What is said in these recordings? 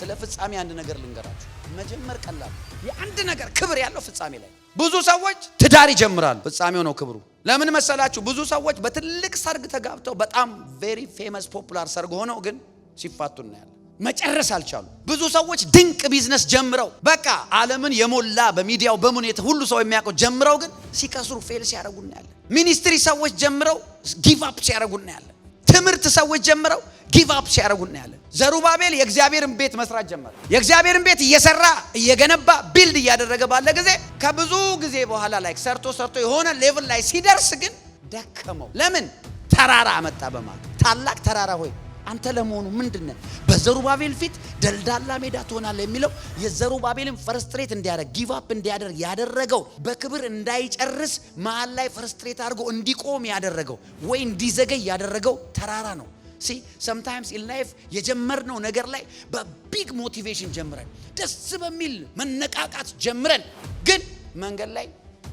ስለ ፍጻሜ አንድ ነገር ልንገራችሁ። መጀመር ቀላል፣ የአንድ ነገር ክብር ያለው ፍጻሜ ላይ። ብዙ ሰዎች ትዳር ይጀምራሉ፣ ፍጻሜው ነው ክብሩ። ለምን መሰላችሁ? ብዙ ሰዎች በትልቅ ሰርግ ተጋብተው በጣም ቬሪ ፌመስ ፖፑላር ሰርግ ሆነው ግን ሲፋቱ እናያለን። መጨረስ አልቻሉ። ብዙ ሰዎች ድንቅ ቢዝነስ ጀምረው በቃ ዓለምን የሞላ በሚዲያው በሙኔት ሁሉ ሰው የሚያውቀው ጀምረው ግን ሲከስሩ ፌል ሲያደርጉ እናያለን። ሚኒስትሪ ሰዎች ጀምረው ጊቭ አፕ ሲያደርጉ እናያለን። ትምህርት ሰዎች ጀምረው ጊቭ አፕ ሲያደርጉ እናያለን። ዘሩባቤል የእግዚአብሔርን ቤት መስራት ጀመረ። የእግዚአብሔርን ቤት እየሰራ እየገነባ ቢልድ እያደረገ ባለ ጊዜ ከብዙ ጊዜ በኋላ ላይ ሰርቶ ሰርቶ የሆነ ሌቭል ላይ ሲደርስ ግን ደከመው። ለምን ተራራ አመጣ። በማ ታላቅ ተራራ ሆይ አንተ ለመሆኑ ምንድን በዘሩባቤል ፊት ደልዳላ ሜዳ ትሆናለ የሚለው የዘሩባቤልን ፈርስትሬት እንዲያደርግ ጊቫፕ እንዲያደርግ ያደረገው በክብር እንዳይጨርስ መሀል ላይ ፈርስትሬት አድርጎ እንዲቆም ያደረገው ወይ እንዲዘገይ ያደረገው ተራራ ነው። ሲ ሰምታይምስ ኢን ላይፍ የጀመርነው ነገር ላይ በቢግ ሞቲቬሽን ጀምረን ደስ በሚል መነቃቃት ጀምረን ግን መንገድ ላይ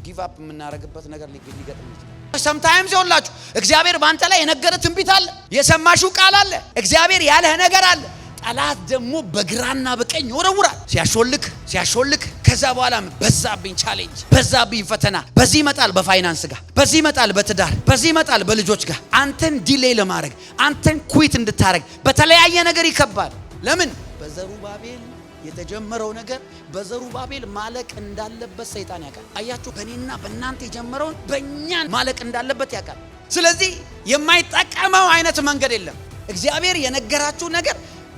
ጊቭ አፕ የምናደርግበት ነገር ሊገጥም ይችላል። ሰምታይምስ ይሆንላችሁ እግዚአብሔር በአንተ ላይ የነገረ ትንቢት አለ፣ የሰማሽው ቃል አለ፣ እግዚአብሔር ያለህ ነገር አለ። ጠላት ደግሞ በግራና በቀኝ ይወረውራል ሲያሾልክ ሲያሾልክ ከዛ በኋላም በዛብኝ ቻሌንጅ፣ በዛብኝ ፈተና። በዚህ ይመጣል በፋይናንስ ጋር፣ በዚህ ይመጣል በትዳር፣ በዚህ ይመጣል በልጆች ጋር። አንተን ዲሌይ ለማድረግ አንተን ኩዊት እንድታረግ በተለያየ ነገር ይከባል። ለምን በዘሩባቤል የተጀመረው ነገር በዘሩባቤል ማለቅ እንዳለበት ሰይጣን ያውቃል። አያችሁ፣ በእኔና በእናንተ የጀመረውን በእኛን ማለቅ እንዳለበት ያውቃል። ስለዚህ የማይጠቀመው አይነት መንገድ የለም። እግዚአብሔር የነገራችሁ ነገር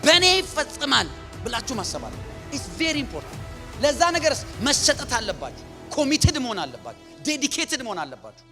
በእኔ ይፈጽማል ብላችሁ ማሰባል ኢትስ ቬሪ ኢምፖርታንት ለዛ ነገር መሰጠት አለባችሁ። ኮሚትድ መሆን አለባችሁ። ዴዲኬትድ መሆን አለባችሁ።